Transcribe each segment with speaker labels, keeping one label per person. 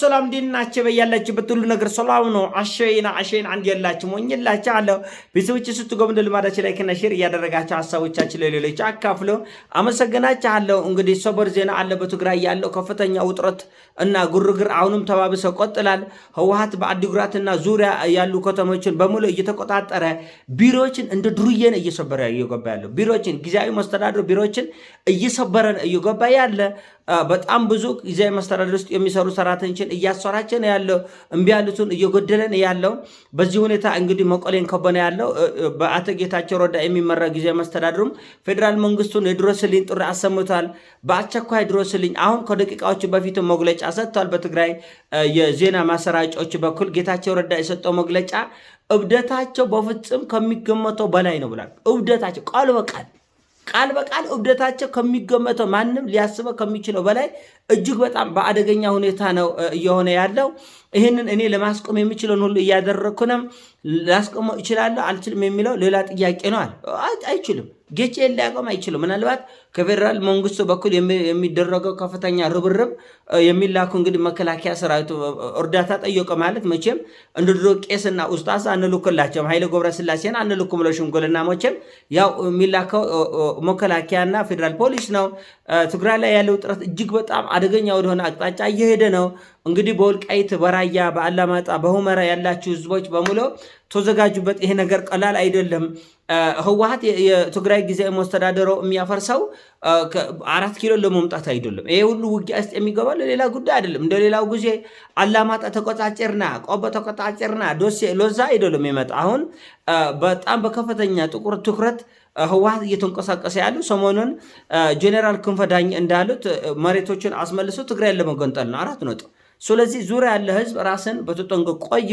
Speaker 1: ሰላም እንዴት ናችሁ? በያላችሁ በትሉ ነገር ሰላም ነው። አሸይና አሸይን አንድ ያላችሁ ሞኝላችሁ አለ ቤተሰቦች ስትገቡ እንደ ልማዳችሁ ላይክ እና ሼር እያደረጋችሁ ሀሳቦቻችሁ ለሌሎች አካፍሎ አመሰግናችኋለሁ። እንግዲህ ሰበር ዜና አለ። በትግራይ ያለው ከፍተኛ ውጥረት እና ግርግር አሁንም ተባብሶ ቀጥሏል። ህወሓት እና ዙሪያ ያሉ ከተሞችን በሙሉ እየተቆጣጠረ ቢሮዎችን እንደ ዱርዬን እየሰበረ እየገባ ያለው ቢሮዎችን ጊዜያዊ መስተዳድሩ ቢሮዎችን እየሰበረን እየገባ ያለ በጣም ብዙ ጊዜያዊ መስተዳደር ውስጥ የሚሰሩ ሰራተኞችን እያሰራችን ያለው እምቢ ያሉትን እየጎደለን ያለው በዚህ ሁኔታ እንግዲህ መቀሌን ከበነ ያለው በአቶ ጌታቸው ረዳ የሚመራ ጊዜያዊ መስተዳድሩም ፌዴራል መንግስቱን የድረስልኝ ጥሪ አሰምቷል። በአስቸኳይ ድረስልኝ። አሁን ከደቂቃዎች በፊት መግለጫ ሰጥቷል። በትግራይ የዜና ማሰራጫዎች በኩል ጌታቸው ረዳ የሰጠው መግለጫ እብደታቸው በፍጹም ከሚገመተው በላይ ነው ብላል። እብደታቸው ቃል በቃል ቃል በቃል እብደታቸው ከሚገመተው ማንም ሊያስበው ከሚችለው በላይ እጅግ በጣም በአደገኛ ሁኔታ ነው እየሆነ ያለው። ይህንን እኔ ለማስቆም የምችለውን ሁሉ እያደረግኩ ነው። ላስቆመው እችላለሁ አልችልም የሚለው ሌላ ጥያቄ ነው። አይችልም፣ ጌቼን ሊያቆም አይችልም። ምናልባት ከፌዴራል መንግስቱ በኩል የሚደረገው ከፍተኛ ርብርብ የሚላኩ እንግዲህ መከላከያ ሰራዊቱ እርዳታ ጠየቀ ማለት መቼም እንደ ድሮ ቄስና ኡስታዝ አንልኩላቸውም፣ ኃይሌ ስላሴን አንልኩም ብሎ ሽምግልና መቼም ያው የሚላከው መከላከያና ፌዴራል ፖሊስ ነው። ትግራይ ላይ ያለው ውጥረት እጅግ በጣም አደገኛ ወደሆነ አቅጣጫ እየሄደ ነው። እንግዲህ በወልቃይት በራያ በአላማጣ በሁመራ ያላችሁ ህዝቦች በሙሉ ተዘጋጁበት። ይሄ ነገር ቀላል አይደለም። ህወሀት የትግራይ ጊዜያዊ መስተዳደሩ የሚያፈርሰው አራት ኪሎ ለመምጣት አይደለም። ይሄ ሁሉ ውጊያ ውስጥ የሚገባ ለሌላ ጉዳይ አይደለም። እንደ ሌላው ጊዜ አላማጣ ተቆጣጭርና ቆቦ ተቆጣጭርና ዶሴ ሎዛ አይደለም ይመጣ አሁን በጣም በከፍተኛ ጥቁር ትኩረት ህወሀት እየተንቀሳቀሰ ያሉ ሰሞኑን ጄኔራል ክንፈ ዳኝ እንዳሉት መሬቶችን አስመልሶ ትግራይን ለመገንጠል ነው። አራት ነጥብ ስለዚህ ዙሪያ ያለ ህዝብ ራስን በተጠንቀቅ ቆየ።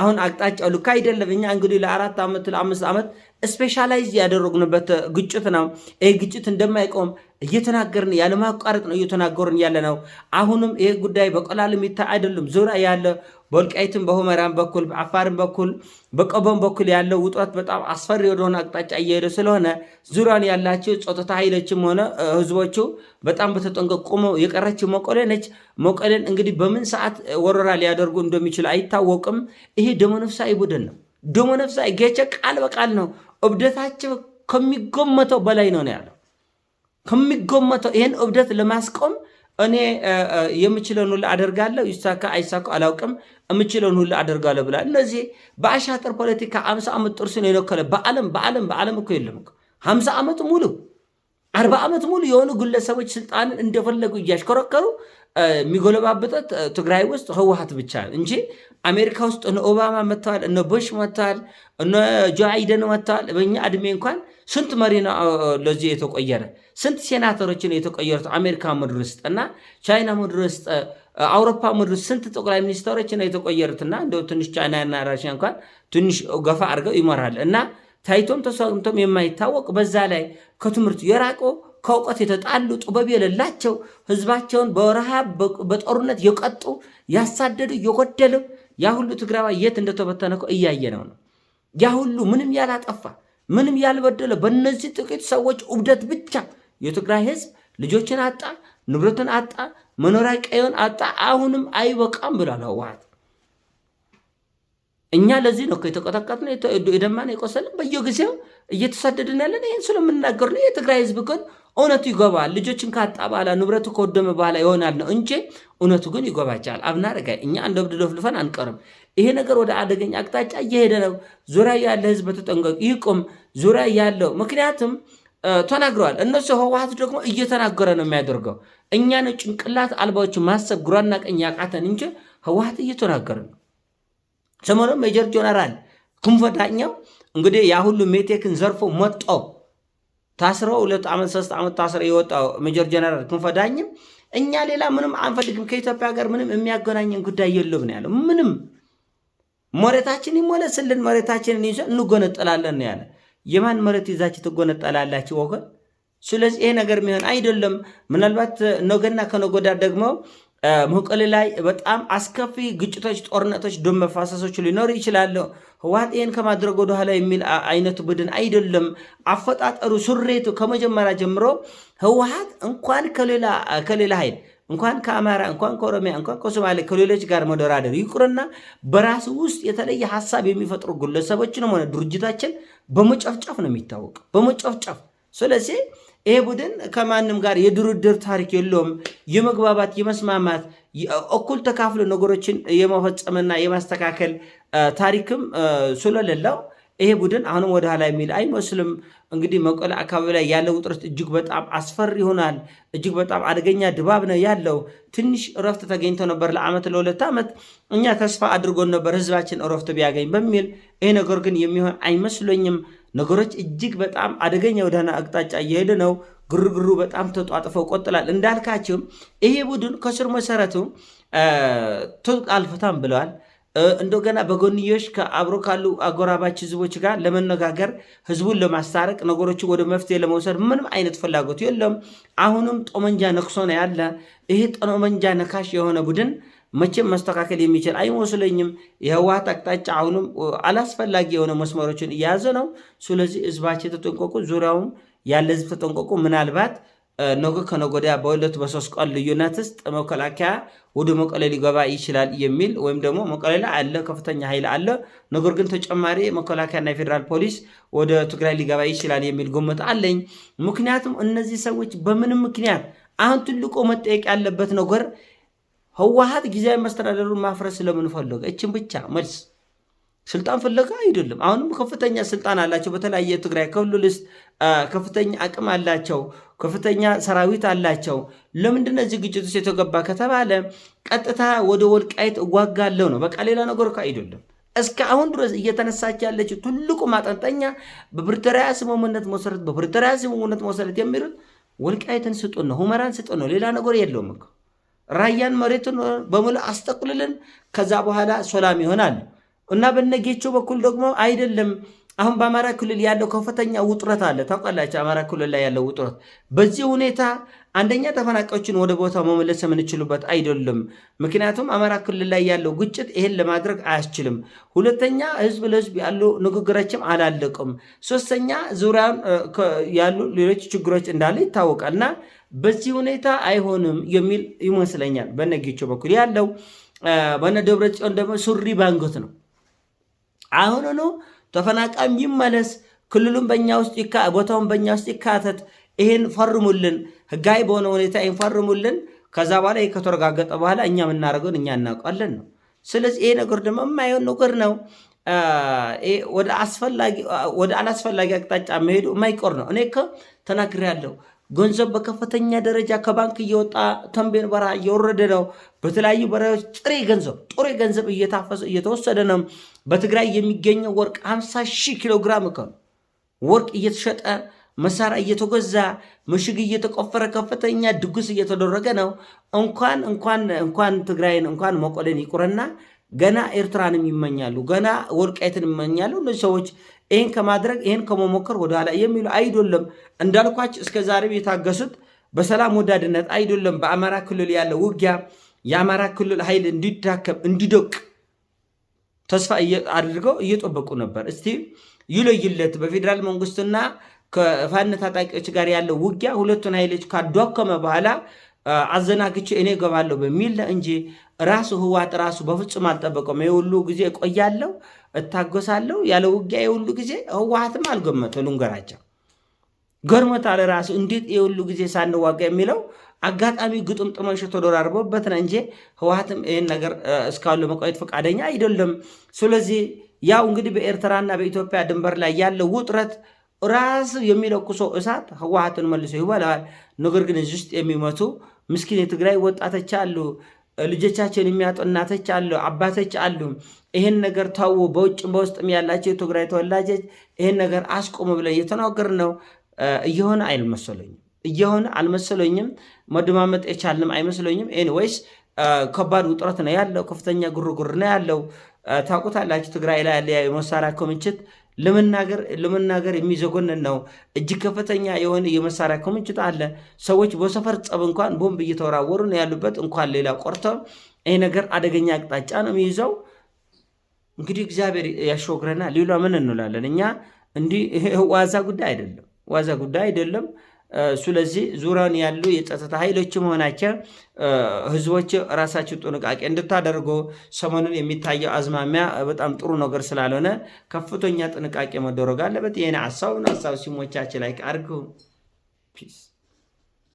Speaker 1: አሁን አቅጣጫው ልክ አይደለም። እኛ እንግዲህ ለአራት ዓመት ለአምስት ዓመት ስፔሻላይዝ ያደረግንበት ግጭት ነው። ይህ ግጭት እንደማይቆም እየተናገርን ያለማቋረጥ ነው እየተናገርን ያለ ነው። አሁንም ይህ ጉዳይ በቀላል የሚታይ አይደለም። ዙሪያ ያለ በወልቃይትም በሁመራም በኩል በአፋርም በኩል በቀቦም በኩል ያለው ውጥረት በጣም አስፈሪ ወደሆነ አቅጣጫ እየሄደ ስለሆነ ዙሪያን ያላቸው ጸጥታ ኃይሎችም ሆነ ህዝቦቹ በጣም በተጠንቀቅ ቆመው የቀረችው መቀሌ ነች። መቀሌን እንግዲህ በምን ሰዓት ወረራ ሊያደርጉ እንደሚችል አይታወቅም። ይሄ ነፍሳዊ ቡድን ነው። ነፍሳዊ ጌቸ ቃል በቃል ነው። እብደታቸው ከሚጎመተው በላይ ነው ያለው ከሚጎመተው ይህን እብደት ለማስቆም እኔ የምችለውን ሁሉ አደርጋለሁ፣ ይሳካ አይሳካ አላውቅም፣ የምችለን ሁሉ አደርጋለሁ ብላል። እነዚህ በአሻጥር ፖለቲካ አምሳ ዓመት ጥርሱን የነከለ በዓለም በዓለም በዓለም እኮ የለም ሀምሳ ዓመት ሙሉ አርባ ዓመት ሙሉ የሆኑ ግለሰቦች ስልጣንን እንደፈለጉ እያሽከረከሩ የሚጎለባብጠት ትግራይ ውስጥ ህወሀት ብቻ እንጂ አሜሪካ ውስጥ እነ ኦባማ መጥተዋል፣ እነ ቡሽ መጥተዋል፣ እነ ጆ አይደን መጥተዋል። በኛ እድሜ እንኳን ስንት መሪ ለዚ የተቆየረ ስንት ሴናተሮችን የተቆየሩት አሜሪካ ምድር ውስጥ እና ቻይና ምድር ውስጥ አውሮፓ ምድር ውስጥ ስንት ጠቅላይ የተቆየሩት የተቆየሩትና እንደው ትንሽ ቻይናና ራሽያ እንኳን ትንሽ ገፋ አድርገው ይመራል እና ታይቶም ተሰምቶም የማይታወቅ በዛ ላይ ከትምህርት የራቆ ከእውቀት የተጣሉ ጥበብ የሌላቸው ህዝባቸውን በረሃብ በጦርነት የቀጡ ያሳደዱ የጎደለው ያ ሁሉ ትግራዋ የት እንደተበተነ እያየ ነው ነው ያ ሁሉ ምንም ያላጠፋ ምንም ያልበደለ በእነዚህ ጥቂት ሰዎች እብደት ብቻ የትግራይ ህዝብ ልጆችን አጣ፣ ንብረትን አጣ፣ መኖሪያ ቀየን አጣ። አሁንም አይበቃም ብሏል ህወሓት። እኛ ለዚህ ነው የተቆጠቀጥነው፣ የደማን የቆሰልን፣ በየጊዜው እየተሳደድን ያለን። ይህን ስለምንናገር ነው። የትግራይ ህዝብ ግን እውነቱ ይገባል። ልጆችን ካጣ በኋላ ንብረቱ ከወደመ በኋላ ይሆናል ነው እንጂ እውነቱ ግን ይገባቸዋል። አብናረጋ እኛ እንደ እብድ ደፍልፈን አንቀርም። ይሄ ነገር ወደ አደገኛ አቅጣጫ እየሄደ ነው። ዙሪያ ያለ ህዝብ በተጠንቀቅ ይቁም። ዙሪያ ያለው ምክንያቱም ተናግረዋል። እነሱ ህወሓት ደግሞ እየተናገረ ነው የሚያደርገው። እኛ ነው ጭንቅላት አልባዎች ማሰብ ጉራና ቀኝ ያቃተን እንጂ ህወሓት እየተናገረ ነው። ሰሞኑን ሜጀር ጀነራል ክንፈ እንግዲህ ያ ሁሉ ሜቴክን ዘርፎ መጦ ታስረው ሁለት ዓመት ሶስት ዓመት ታስረው የወጣው ሜጀር ጀነራል ክንፈ እኛ ሌላ ምንም አንፈልግም ከኢትዮጵያ ጋር ምንም የሚያገናኘን ጉዳይ የለም ነው ያለው። ምንም መሬታችን ይመለስልን፣ መሬታችንን ይዞ እንጎነጠላለን ነው ያለ። የማን መሬት ይዛችሁ ትጎነጠላላችሁ ወገን? ስለዚህ ይሄ ነገር የሚሆን አይደለም። ምናልባት ነገና ከነገ ወዲያ ደግሞ መቀሌ ላይ በጣም አስከፊ ግጭቶች፣ ጦርነቶች፣ ደም መፋሰሶች ሊኖሩ ይችላሉ። ህወሓት ይህን ከማድረግ ወደኋላ የሚል አይነቱ ቡድን አይደለም። አፈጣጠሩ ስሬቱ ከመጀመሪያ ጀምሮ ህወሓት እንኳን ከሌላ ኃይል እንኳን ከአማራ እንኳን ከኦሮሚያ እንኳን ከሶማሌ ከሌሎች ጋር መደራደር ይቁርና በራሱ ውስጥ የተለየ ሀሳብ የሚፈጥሩ ግለሰቦችንም ሆነ ድርጅታችን በመጨፍጨፍ ነው የሚታወቅ በመጨፍጨፍ ስለዚህ ይሄ ቡድን ከማንም ጋር የድርድር ታሪክ የለውም። የመግባባት የመስማማት እኩል ተካፍሎ ነገሮችን የመፈጸምና የማስተካከል ታሪክም ስለሌለው ይሄ ቡድን አሁንም ወደ ኋላ የሚል አይመስልም። እንግዲህ መቀለ አካባቢ ላይ ያለው ውጥረት እጅግ በጣም አስፈሪ ይሆናል። እጅግ በጣም አደገኛ ድባብ ነው ያለው። ትንሽ እረፍት ተገኝቶ ነበር ለአመት ለሁለት ዓመት እኛ ተስፋ አድርጎን ነበር ህዝባችን እረፍት ቢያገኝ በሚል ይሄ ነገር ግን የሚሆን አይመስለኝም። ነገሮች እጅግ በጣም አደገኛ ወደሆነ አቅጣጫ እየሄደ ነው። ግርግሩ በጣም ተጧጥፈው ቆጥላል። እንዳልካቸውም ይሄ ቡድን ከስር መሰረቱ ትጥቅ አልፈታም ብለዋል። እንደገና በጎንዮሽ ከአብሮ ካሉ አጎራባች ህዝቦች ጋር ለመነጋገር ህዝቡን ለማስታረቅ ነገሮችን ወደ መፍትሄ ለመውሰድ ምንም አይነት ፍላጎት የለም። አሁንም ጠመንጃ ነክሶ ነው ያለ። ይሄ ጠመንጃ ነካሽ የሆነ ቡድን መቼም መስተካከል የሚችል አይመስለኝም። የህወሓት አቅጣጫ አሁንም አላስፈላጊ የሆነ መስመሮችን እየያዘ ነው። ስለዚህ ህዝባችን ተጠንቀቁ፣ ዙሪያውም ያለ ህዝብ ተጠንቀቁ። ምናልባት ነገ ከነገ ወዲያ በሁለት በሶስት ቀን ልዩነት ውስጥ መከላከያ ወደ መቀሌ ሊገባ ይችላል የሚል ወይም ደግሞ መቀሌ ላይ አለ ከፍተኛ ኃይል አለ፣ ነገር ግን ተጨማሪ መከላከያና የፌዴራል ፖሊስ ወደ ትግራይ ሊገባ ይችላል የሚል ግምት አለኝ። ምክንያቱም እነዚህ ሰዎች በምንም ምክንያት አሁን ትልቁ መጠየቅ ያለበት ነገር ህወሀት ጊዜያዊ መስተዳደሩን ማፍረስ ስለምን ፈለገ? እችን ብቻ መልስ። ስልጣን ፍለጋ አይደለም። አሁንም ከፍተኛ ስልጣን አላቸው። በተለያየ ትግራይ ክልልስ ከፍተኛ አቅም አላቸው፣ ከፍተኛ ሰራዊት አላቸው። ለምንድን እዚህ ግጭት ውስጥ የተገባ ከተባለ ቀጥታ ወደ ወልቃይት እጓጋለው ነው። በቃ ሌላ ነገር አይደለም። እስከ አሁን ድረስ እየተነሳች ያለችው ትልቁ ማጠንጠኛ በፕሪቶሪያ ስምምነት መሰረት በፕሪቶሪያ ስምምነት መሰረት የሚሉት ወልቃይትን ስጡን ነው፣ ሁመራን ስጡን ነው። ሌላ ነገር የለውም እኮ ራያን መሬቱን በሙሉ አስጠቅልልን። ከዛ በኋላ ሶላም ይሆናል እና በነጌቾ በኩል ደግሞ አይደለም አሁን በአማራ ክልል ያለው ከፍተኛ ውጥረት አለ። ታውቃላችሁ፣ አማራ ክልል ላይ ያለው ውጥረት። በዚህ ሁኔታ አንደኛ ተፈናቃዮችን ወደ ቦታው መመለስ የምንችሉበት አይደለም። ምክንያቱም አማራ ክልል ላይ ያለው ግጭት ይሄን ለማድረግ አያስችልም። ሁለተኛ ህዝብ ለህዝብ ያሉ ንግግሮችም አላለቅም። ሶስተኛ ዙሪያን ያሉ ሌሎች ችግሮች እንዳለ ይታወቃል። እና በዚህ ሁኔታ አይሆንም የሚል ይመስለኛል በነጌቸው በኩል ያለው በነ ደብረ ጽዮን ደግሞ ሱሪ ባንገት ነው አሁን ተፈናቃይም ይመለስ፣ ክልሉም በእኛ ውስጥ ቦታውን በእኛ ውስጥ ይካተት፣ ይህን ፈርሙልን፣ ህጋዊ በሆነ ሁኔታ ይህን ፈርሙልን። ከዛ በኋላ ይህ ከተረጋገጠ በኋላ እኛ የምናደርገውን እኛ እናውቃለን ነው። ስለዚህ ይሄ ነገር ደግሞ የማይሆን ነገር ነው። ወደ አላስፈላጊ አቅጣጫ መሄዱ የማይቆር ነው። እኔ ተናግሬያለሁ። ገንዘብ በከፍተኛ ደረጃ ከባንክ እየወጣ ተንቤን በረሃ እየወረደ ነው። በተለያዩ በረሃዎች ጥሬ ገንዘብ ጥሬ ገንዘብ እየታፈሰ እየተወሰደ ነው። በትግራይ የሚገኘው ወርቅ 50 ሺህ ኪሎ ግራም እኮ ወርቅ እየተሸጠ መሳሪያ እየተገዛ ምሽግ እየተቆፈረ ከፍተኛ ድግስ እየተደረገ ነው። እንኳን እንኳን እንኳን ትግራይን እንኳን መቀሌን ይቁረና ገና ኤርትራንም ይመኛሉ፣ ገና ወልቃይትን ይመኛሉ እነዚህ ሰዎች ይህን ከማድረግ ይህን ከመሞከር ወደኋላ የሚሉ አይደለም። እንዳልኳች እስከ ዛሬም የታገሱት በሰላም ወዳድነት አይደለም። በአማራ ክልል ያለ ውጊያ የአማራ ክልል ኃይል እንዲዳከም እንዲደቅ ተስፋ አድርገው እየጠበቁ ነበር። እስቲ ይለይለት በፌዴራል መንግስትና ከፋኖ ታጣቂዎች ጋር ያለው ውጊያ ሁለቱን ኃይሎች ካዷከመ በኋላ አዘናግቼ እኔ ገባለሁ በሚል እንጂ ራሱ ህዋት ራሱ በፍጹም አልጠበቀውም። የሁሉ ጊዜ ቆያለው እታጎሳለሁ ያለ ውጊያ የሁሉ ጊዜ ህወሀትም አልገመተው። ልንገራቸው ገርሞታል ራሱ እንዴት የሁሉ ጊዜ ሳንዋጋ የሚለው አጋጣሚ ግጡም ጥመሾ ተደራርቦበት ነው እንጂ ህወሀትም ይህን ነገር እስካሁን ለመቆየት ፈቃደኛ አይደለም። ስለዚህ ያው እንግዲህ በኤርትራና በኢትዮጵያ ድንበር ላይ ያለው ውጥረት ራስ የሚለኩሰው እሳት ህወሀትን መልሶ ይበላል። ነገር ግን እዚህ ውስጥ የሚመቱ ምስኪን የትግራይ ወጣቶች አሉ። ልጆቻችን የሚያጡ እናቶች አሉ፣ አባቶች አሉ። ይህን ነገር ተዉ። በውጭም በውስጥም ያላቸው የትግራይ ተወላጆች ይህን ነገር አስቆሙ ብለን እየተናገር ነው። እየሆነ አይመሰለኝም፣ እየሆነ አልመሰለኝም። መደማመጥ የቻልንም አይመስለኝም። ኤኒዌይስ ከባድ ውጥረት ነው ያለው። ከፍተኛ ጉርጉር ነው ያለው። ታውቁታላችሁ ትግራይ ላይ ያለ የመሳሪያ ክምችት ለመናገር ለመናገር የሚዘጎንን ነው። እጅግ ከፍተኛ የሆነ የመሳሪያ ክምችት አለ። ሰዎች በሰፈር ጸብ እንኳን ቦምብ እየተወራወሩ ነው ያሉበት። እንኳን ሌላ ቆርተ ይህ ነገር አደገኛ አቅጣጫ ነው የሚይዘው። እንግዲህ እግዚአብሔር ያሾግረና ሌሏ ምን እንላለን እኛ? እንዲህ ዋዛ ጉዳይ አይደለም፣ ዋዛ ጉዳይ አይደለም። ስለዚህ ዙረን ያሉ የጸጥታ ኃይሎችም ሆናቸው ህዝቦች ራሳቸው ጥንቃቄ እንድታደርጉ ሰሞኑን የሚታየው አዝማሚያ በጣም ጥሩ ነገር ስላልሆነ ከፍተኛ ጥንቃቄ መደረግ አለበት። ይህን ሀሳቡን ሀሳብ ሲሞቻችን ላይ አርግ ፒስ